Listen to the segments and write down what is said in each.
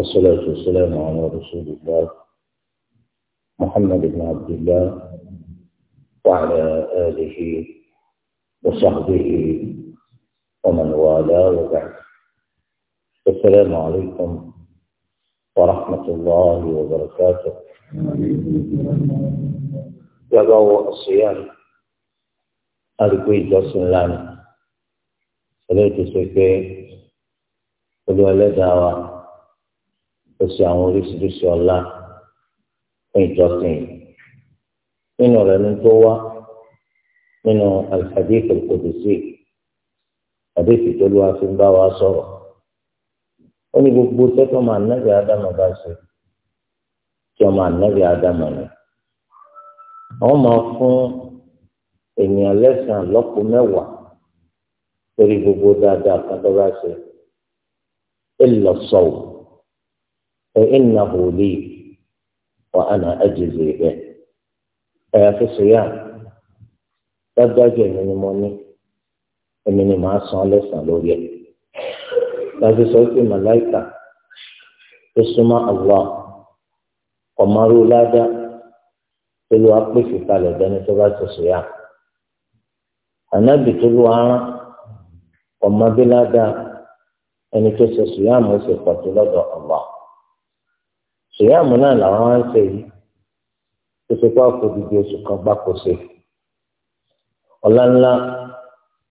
والصلاة والسلام على رسول الله محمد بن عبد الله وعلى آله وصحبه ومن والاه وبعد السلام عليكم ورحمة الله وبركاته يبقى الصيام أرجو جسم لنا صلاة سكين قلوا لدى ó ṣe àwọn oríṣiríṣi ọlá fún ìjọsìn yìí nínú rẹ̀ ní tó wá nínú al-hadith al-qudsi àdéhùn tó ló wá fi ń bá wa sọ̀rọ̀ ó ní gbogbo tẹ́tọ́ máa nẹ́bí ádámà bá ṣe tí ọmọ ànẹ́bí ádámà ni àwọn máa fún ènìyàn lẹ́sàn-án lọ́pọ̀ mẹ́wàá lórí gbogbo dáadáa kan tó bá ṣe illa sawm. n-na na-adịbeghi a l ees la llana bio oala easetl sèyáàmù náà làwọn wá ń ṣe yìí tó ṣe pé àpò dídí oṣù kan gbáko ṣe ọlá ńlá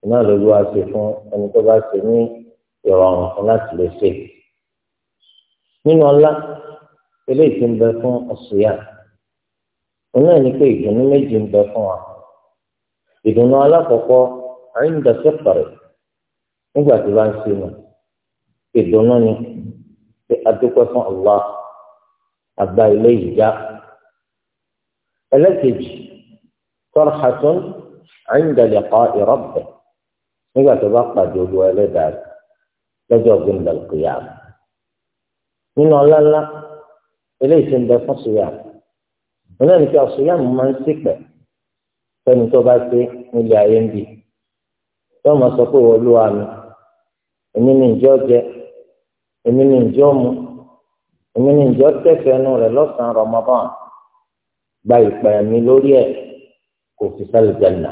náà ló wá ṣe fún ẹni tó bá ṣe ní ìrọ̀rùn fún láti lè ṣe nínú ọlá eléyìí ti ń bẹ fún ọ̀ṣùyà òun náà ní pé ìdùnnú méjì ń bẹ fún wa ìdùnnú alákọ̀ọ́kọ́ àyíǹda sẹ́pàrẹ̀ nígbà tí bá ń ṣe nù ìdùnnú ni pé adúpẹ́ fún Allah àgbà ilé ìjà ẹlẹ́kejì tọ́rọ̀hàtún àyìndàlẹ́kọ́ ìrọ́bẹ̀ nígbà tó bá pàdé olú ẹlẹ́dàá lọ́jọ́ gbẹ̀ndàlùkìyà nínú ọlọ́lá eléyìí ti ń bẹ fún sùyàm nínú ẹni tí a sùyàm máa ń ṣìpẹ̀ fẹ́ni tó bá ṣe nílé ayé ń bì yóò máa sọ pé olúwa mi èmi ni ìjọ jẹ èmi ni ìjọ mu èmi ni ìjọ tẹ̀sẹ̀ ẹnu rẹ̀ lọ́sàn-án Ramadan gba ìpè mi lórí ẹ̀ kò fi sálẹ̀ jẹ̀nà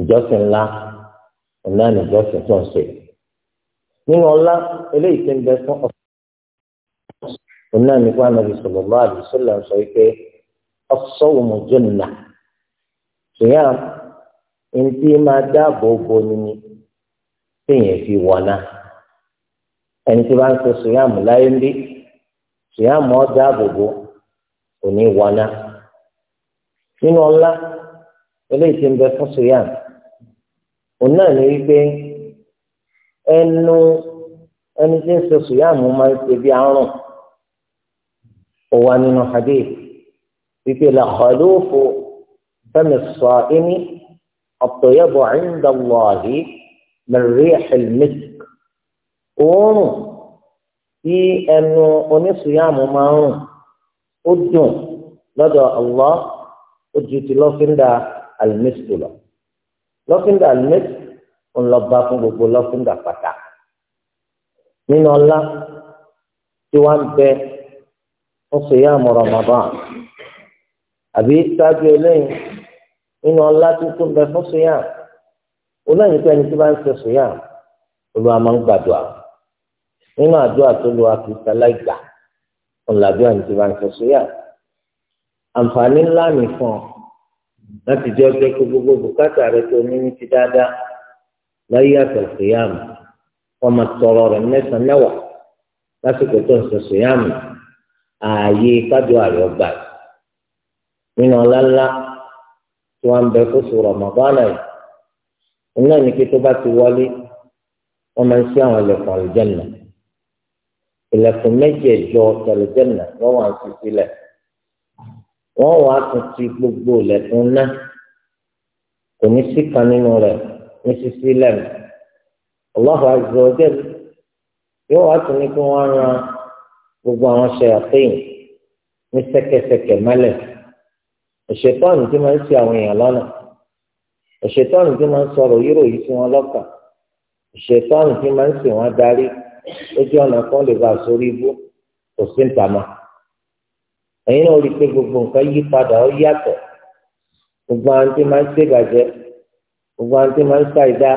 ìjọsìn ńlá ọ̀nà ìjọsìn tó ń ṣe nínú ọlá eléyìí ti ń bẹ fún ọ̀sán ọ̀nà nípa Ànábì sallallahu alaihi wasallam sọ pé as-sawmu jannah ṣùgbọ́n ẹni tí máa dáàbò bo ni ni fi wọ̀ ẹni tí bá ń ṣe sùyàmù láyé ń bí sùyàmù ọjà àbòbò kò ní wọná nínú ọlá eléyìí tí ń bẹ fún sùyàmù òun náà ní wípé ẹnu ẹni tí ń òwà sùyàmù máa ń ṣe bí àrùn ó nínú hade wípé làkàlófo fẹmi sọ ẹni ọ̀pọ̀ yẹ bọ̀ ẹ̀ ń dàgbọ̀ àdé mẹrẹ̀ẹ́hẹ̀ mẹsì. òórùn tí ẹnu oníṣùyàmù máa ń rùn ó dùn lọ́dọ̀ Allah ó ju ti lọ́fíńdà alimẹ́sìtò lọ lọ́fíńdà alimẹ́sìtò ń lọ bá fún gbogbo lọ́fíńdà pátá nínú ọlá tí wọ́n bẹ fún ṣùyàmù Ramadan àbí sáájú eléyìí nínú ọlá tó tún bẹ fún ṣùyàmù olóyìn pé ẹni tí wọ́n ń ṣe ṣùyàmù olúwa máa ń gbàdúrà nínú àdúrà tó lu àkùsà láìgbà ọ̀làdúrà ní ti bá ń sọ sóyà àǹfààní ńlá mi fún ọ láti jẹ́ ọjọ́ pé gbogbo bùkátà rẹ tó ní ní ti dáadáa láyé àtọ̀sọ̀ yá mi wọ́n máa tọrọ rẹ̀ mẹ́sàn-án mẹ́wàá lásìkò tó ń sọ̀sọ̀ yá mi ààyè kájọ àrẹ ọgbà nínú ọláńlá tí wọ́n ń bẹ fóṣù rọ̀mọ̀bánà yìí iná ní kí tó bá ti wọlé wọ́n máa ń ṣí àwọn ẹlẹ́kùn àlùjẹ́ nìyẹn ìlẹ̀kùn mẹ́jẹ̀ẹ̀jọ tẹlifíṣẹ̀nà wọ́n wà sí sílẹ̀ wọ́n wà tún ti gbogbo ìlẹ̀kùn náà kò ní sí kan nínú rẹ̀ ní sísí lẹ́nu Allahu azza wa jalla yóò wá tún ní kí wọ́n ran gbogbo àwọn ṣèyàpéyìn ní ṣẹ̀kẹ̀ṣẹ̀kẹ̀ mẹ́lẹ̀ ìṣètọ́nù tí máa ń ṣe àwọn èèyàn lọ́nà ìṣètọ́nù tí máa ń sọ̀rọ̀ yíròyìn sí wọn lọ́kàn ìṣètọ́nù tí máa ń ṣe wọn darí ojú ọ̀nà kan lè bá sórí ibú kò sí ń tàmá ẹ̀yin náà rí i pé gbogbo nǹkan yí padà ó yàtọ̀ gbogbo àwọn tí máa ń ṣèbàjẹ́ gbogbo àwọn tí máa ń ṣàìdá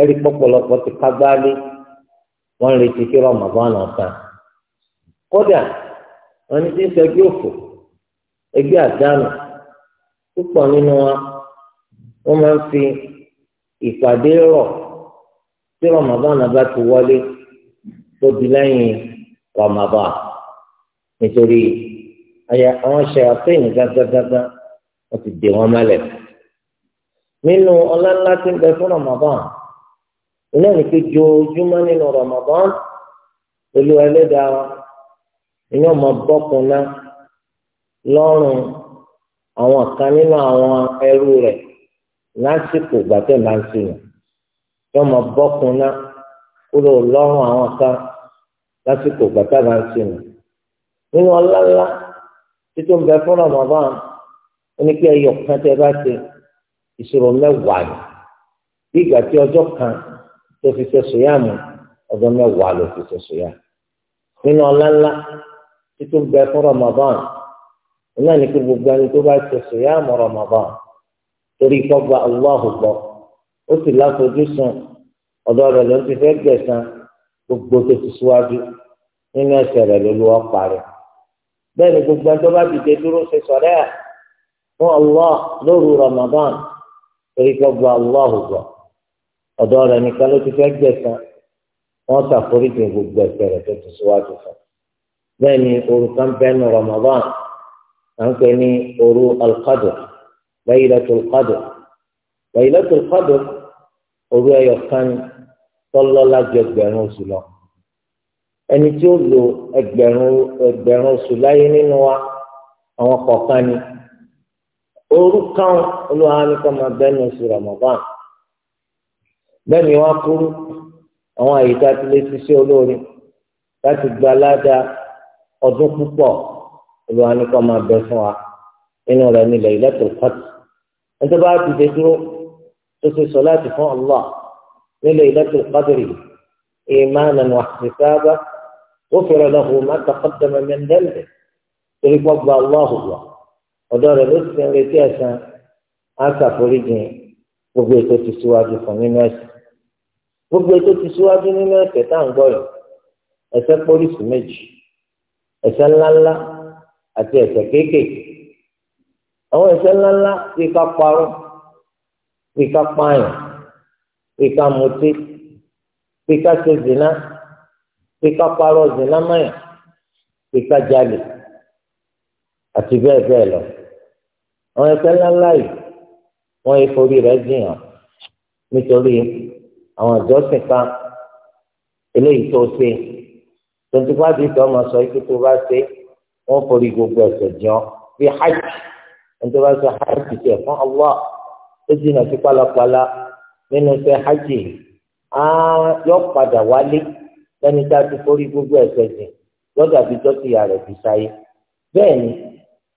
ẹ̀rí pọ̀pọ̀lọpọ̀ ti ká gbáálé wọ́n retí kí rọmọbọ́n kódà wọn ní tí ń ṣẹgbẹ́ òfò ẹgbẹ́ àdánù púpọ̀ nínú wọ́n máa ń fi ìpàdé tó di lẹ́yìn Ramadan nítorí àwọn ṣèyàtìn gágágágá wọ́n ti dè wọ́n mọ́lẹ̀ nínú ọláńlá tí ń bẹ fún Ramadan iná ní nínú Ramadan olú iná ọmọ àwọn kan nínú àwọn ẹrú lásìkò yọmọ kúrò àwọn kan. lásìkò gbàtà máa ń sinmi nínú ọláńlá títí ń bẹ fún Ramadan oníkẹ́ ẹyọ kan tẹ bá ṣe ìṣòro mẹ́wàá ni bí ìgbà tí ọjọ́ kan tó fi ṣe sòyàmù ọjọ́ mẹ́wàá ló fi ṣe sòyàmù nínú ọláńlá títí ń bẹ fún Ramadan iná ní kí gbogbo ẹni tó bá ṣe sòyàmù Ramadan torí kọ́ gba Allahu ó sì láfojú sùn ọ̀dọ́ ló ti fẹ́ gbẹ̀san gbogbo tó ti síwájú nínú ẹsẹ̀ rẹ̀ ló lọ́wọ́ parí. bẹ́ẹ̀ ni gbogbo ẹjọ́ bá dìde dúró ṣe sọ̀rẹ́ ẹ̀ fún Allah lóru Ramadan torí pé gbọ́ Allah gbọ́ ọ̀dọ́ rẹ̀ nìkan ló ti fẹ́ gbẹ̀sán wọ́n ṣàforíjì gbogbo ẹsẹ̀ rẹ̀ tó ti síwájú fún un. ni òru kan bẹ́ẹ̀nu Ramadan à ń pè ní òru al-Qadr Laylatul Qadr Laylatul Qadr òru ẹyọ kan ni tọ́lọ́lá ju ẹgbẹ̀rún oṣù lọ ẹni tí ó lo ẹgbẹ̀rún ẹgbẹ̀rún oṣù láyé nínú wa àwọn kọ̀ọ̀kan ni orúkàn olùhàn ni kò máa bẹ́ẹ̀ ní oṣù Ramadan bẹ́ẹ̀ ni wọ́n kúrú àwọn àyíká tí lè ṣiṣẹ́ olórin láti gba ládàá ọdún púpọ̀ olùhàn ni kò máa bẹ fún wa nínú rẹ̀ nílẹ̀ ìlẹ́tọ̀ pàtó ẹni tó bá ti dé dúró tó ṣe sọ láti fún Allah. لليلة القدر إيمانا واحتسابا غفر له ما تقدم من ذنبه تلك وضع الله الله ودار الاسم لتيسا أسا فريجين gbogbo ètò ti síwájú fún nínú ẹsẹ̀ gbogbo ètò ti síwájú nínú ẹsẹ̀ tá à ń gbọyọ ẹ̀ṣẹ̀ pólísì méjì ẹ̀ṣẹ̀ ńláńlá àti ẹ̀ṣẹ̀ kéékèèké àwọn ẹ̀ṣẹ̀ ńláńlá bí ká parọ́ bí ká pààyàn Pika muti, pika pé ká ṣe zina pé ká parọ́ zina mọ́yà pé ká jalè àti bẹ́ẹ̀ bẹ́ẹ̀ lọ. àwọn ẹ̀ṣẹ̀ ńláńlá yìí wọ́n yẹ forí rẹ̀ jiyàn nítorí àwọn àjọsìn kan eléyìí tó ṣe tontigbá bíi tó ọmọ sọ ikú tó bá ṣe wọ́n forí gbogbo ẹ̀ṣẹ̀ jọ bíi hajj ẹni tó bá ṣe hajj tiẹ̀ fún Allah ó jìnnà sí pálapàla nínú ṣe hajj yọ padà wálé lẹ́ni tá a ti forí gbogbo ẹ̀ṣẹ̀ jìn lọ́dà bíi dọ́tìyà rẹ̀ fi sáyé bẹ́ẹ̀ ni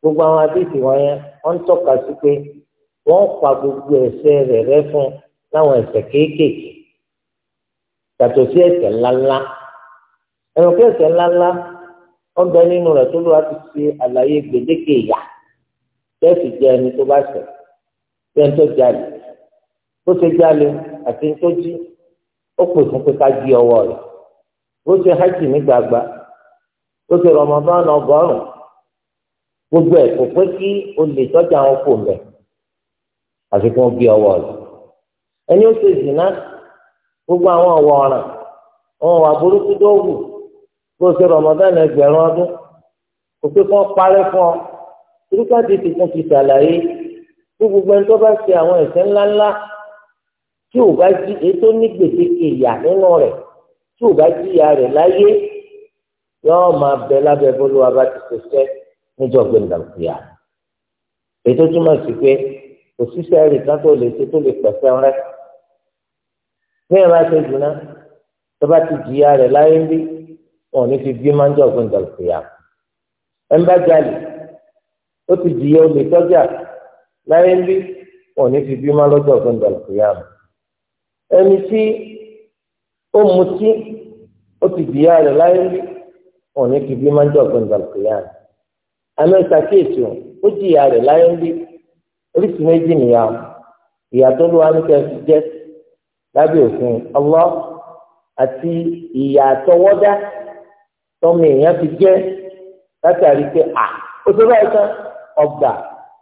gbogbo àwọn adéṣe wọn yẹn wọ́n ń tọ́ka sí pé wọ́n pa gbogbo ẹ̀ṣẹ̀ rẹ̀ rẹ́ fún láwọn ẹ̀ṣẹ̀ kéékèèké yàtọ̀ sí ẹ̀ṣẹ̀ ńláńlá ẹ̀rọ pé ẹ̀ṣẹ̀ ńláńlá ọ̀bẹ nínú rẹ̀ tó lọ́wọ́ ti ṣe àlàyé gbèdéke ìyà tẹ́sì jẹ́ ẹni tó bá ṣẹ̀ tẹ́ńtọ́ jáde bó ṣe jalè àti ntọ́jú ó pè fún pé ká di ọwọ́ rẹ̀ bó ṣe hajj ní gbàgbà bó ṣe Ramadan ọgọ́rùn gbogbo ẹ̀ kò pé kí olè tọ́jú àwọn kò mẹ́ àfi kí wọ́n bí ọwọ́ rẹ̀ ẹni ó ṣe zìnnà gbogbo àwọn ọ̀wọ́ ọ̀ràn àwọn wà burúkú tó wù bó ṣe Ramadan ẹgbẹ̀rún ọdún kò pé kí wọ́n fún ọ tìrúkàtì tuntun ti ṣàlàyé tí gbogbo ẹni tó bá ṣe àwọn ẹ̀ṣẹ̀ ńláńlá tí ò bá jí ètò ní gbèdéke ìyà nínú rẹ̀ tí ò bá jí ìyà rẹ̀ láyé yóò máa bẹ lábẹ́ bólú abá ti ṣiṣẹ́ níjọ́ gbẹ̀ndàkúyà ètò túmọ̀ sí pé òṣìṣẹ́ rẹ̀ kan tó lè ṣe tó lè pẹ̀sẹ̀ rẹ̀ bẹ́ẹ̀ bá ṣe jùlọ tó bá ti jí ìyà rẹ̀ láyé ń bí wọn ò ní fi bí máa ń jọ gbẹ̀ndàkúyà ẹ̀ ń bá jalè ó ti jìyà olè tọ́jà láyé ń bí wọn ò ní fi bí máa lọ́jọ́ gbẹ̀ndàkúyà mọ́ ẹni tí ó mutí ó ti bìyà rẹ̀ láyé rí òní kìbí máa ń jọ ọ̀gbìn gbàgbéyàn àmì ìsàkíyèsí ó jìyà rẹ̀ láyé rí oríṣi méjì nìyà ìyà tó lù wá ní kẹfì jẹ lábẹ́ òfin ọlọ́ àti ìyà àtọwọ́dá tọmọ èèyàn fi jẹ látàrí pé à ó tó ọgbà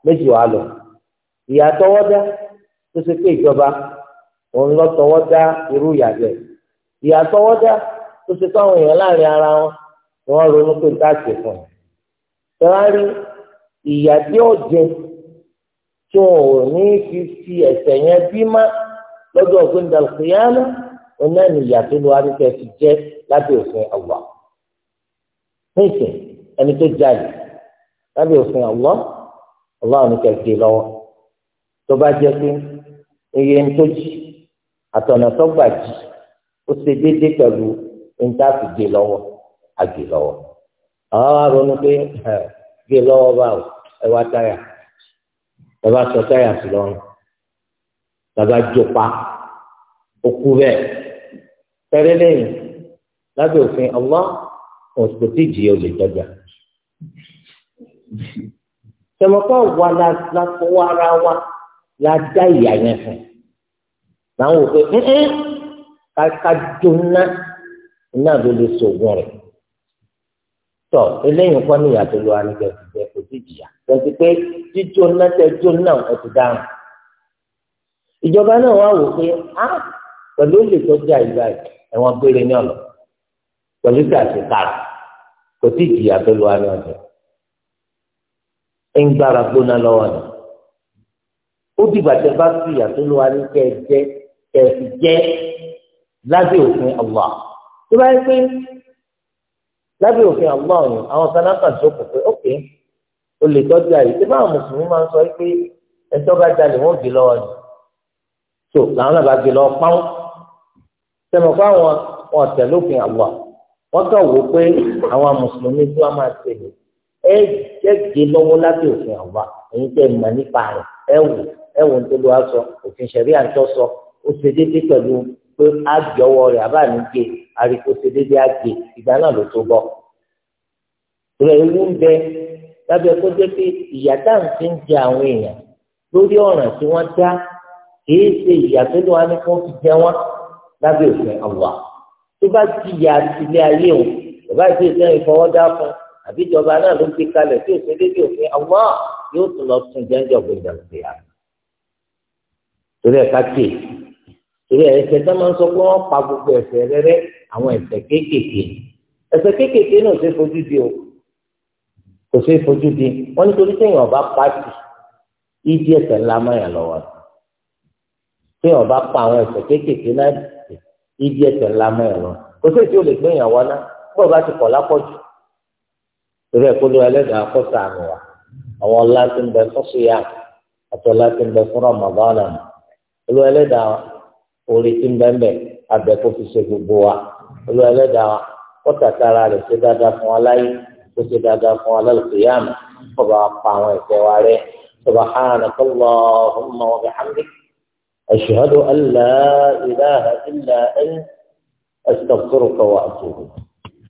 méjì wà lọ ìyà àtọwọ́dá tó ṣe pé ìjọba òun lọ tọwọ́ dá irú ìyà bẹ́ẹ̀ ìyà tọwọ́ dá tó ṣe fáwọn èèyàn láàrin ara wọn ni wọ́n ronú pé ká ṣe fún un tẹwárí ìyà tí ó jẹ tí wọn ò ní fi fi ẹ̀ṣẹ̀ yẹn bí má lọ́jọ́ ògbóǹda òkèèyàn òun náà ní ìyà tó lọ arífẹ ti jẹ lábẹ́ òfin àwà níìsín ẹni tó jalè lábẹ́ òfin àwọ ọlọ́run kẹgbẹ lọ́wọ́ tó bá jẹ pé iye ń tó jì àtọ̀nà tó gbà jì ó ṣe déédéé pẹ̀lú níta-fi gé lọ́wọ́ àgè lọ́wọ́ àwọn wa ronú pé gé lọ́wọ́ báwo ẹ wá táyà ẹ bá sọ táyà sí lọ́rùn bàbá jọpa òkú bẹ́ẹ̀ tẹ́lẹ̀ lẹ́yìn lábẹ́ òfin ọlọ́ òsìkò tí ìjìyà ò lè dọ́gba wa la fọwọ́ ara wa la dá ìyá yẹn fún un. làwọn ò pé ẹ́ẹ́ kájọ́nà iná ló lè sògùn rẹ̀ tọ eléyìí kọ́ ní ìyàtọ̀ lọ́wọ́ nígbà tí bẹ́ẹ̀ kò sí jìyà tẹ̀sí pé jíjóná tẹ jóná ẹ dáhùn ìjọba náà wá wò pé á pẹ̀lú olè tó jẹ́ àyíká ẹ̀wọ̀n ní ọ̀nà pẹ̀lú a kò sí jìyà kẹ̀sì jẹ́ lábẹ́ òfin Allah tó bá yẹ pé lábẹ́ òfin Allah ọ̀hún àwọn sanáfà jókòó pé ok o lè tọ́jú àyè tí báwọn mùsùlùmí máa ń sọ pé ẹjọ́ bá jalè wọ́n gbé lọ́wọ́ ni tó làwọn náà bá gbé lọ́wọ́ pàwọn tẹmọ̀ fún àwọn ọ̀tẹ̀ lófin Allah wọ́n kàn wò pé àwọn mùsùlùmí tí wọ́n máa ṣe lè ẹ jẹ́ gbé lọ́wọ́ lábẹ́ òfin Allah èyí tẹ́ mọ̀ nípa rẹ̀ ẹ wò ẹ wò ní tó lọ́wọ́ sọ òfin ó ṣe déédéé pẹ̀lú pé á jọwọ́ rẹ̀ àbá ní gé àríkó ṣe déédéé á gé ìgbà náà ló tó bọ̀. rẹ̀ ewu ń bẹ lábẹ́ kó jẹ́ pé ìyá táwọn ti ń jẹ àwọn èèyàn lórí ọ̀ràn tí wọ́n dá kìí ṣe ìyá tó lọ́wọ́ ní kó fi jẹ wọ́n lábẹ́ òfin ọ̀wà tó bá ti yà sílé ayé o ìbá ìṣe ìṣẹ́yìn fọwọ́dá fún àbí ìjọba náà ló gbé kalẹ̀ tí òfin dédé òfin ọ̀wà yóò tún lọ tún jẹ́ńjọ́ gbẹ̀dẹ̀ òfin àná. torí ẹ̀ ká kéèké torí ẹ̀ṣẹ̀ tá máa ń sọ pé wọ́n pa gbogbo ẹ̀ṣẹ̀ rẹ́rẹ́ àwọn ẹ̀ṣẹ̀ kéékèèké ẹ̀ṣẹ̀ kéékèèké náà ṣe fojú di o kò ṣe fojú di wọ́n nítorí téèyàn ọba pàtì ìdí ẹ̀ṣẹ̀ ńlá máyà lọ́wọ́ téèyàn ọba pa àwọn ẹ̀ṣẹ̀ kéékèèké náà ìdí ẹ̀ṣẹ̀ ńlá máyà lọ́wọ́ kò sí èsì ò lè gbẹ̀yàn wọ́n náà bọ́ọ̀ bá ti kọ̀ lápọ̀jù torí kó ló ẹlẹ́dàá kọ́ orí tí ń bẹ́ńbẹ́ abẹ́ kó fi ṣe gbogbo wa olú ẹlẹ́dàá wa kó tàtàrà rẹ̀ ṣe dáadáa fún wa láyé kó ṣe dáadáa fún wa lálùkìyàmù kó bá wa pa àwọn ẹ̀ṣẹ̀ wa rẹ̀ subhanaka allahumma wa bihamdik ashhadu an la ilaha illa anta astaghfiruka wa atubu.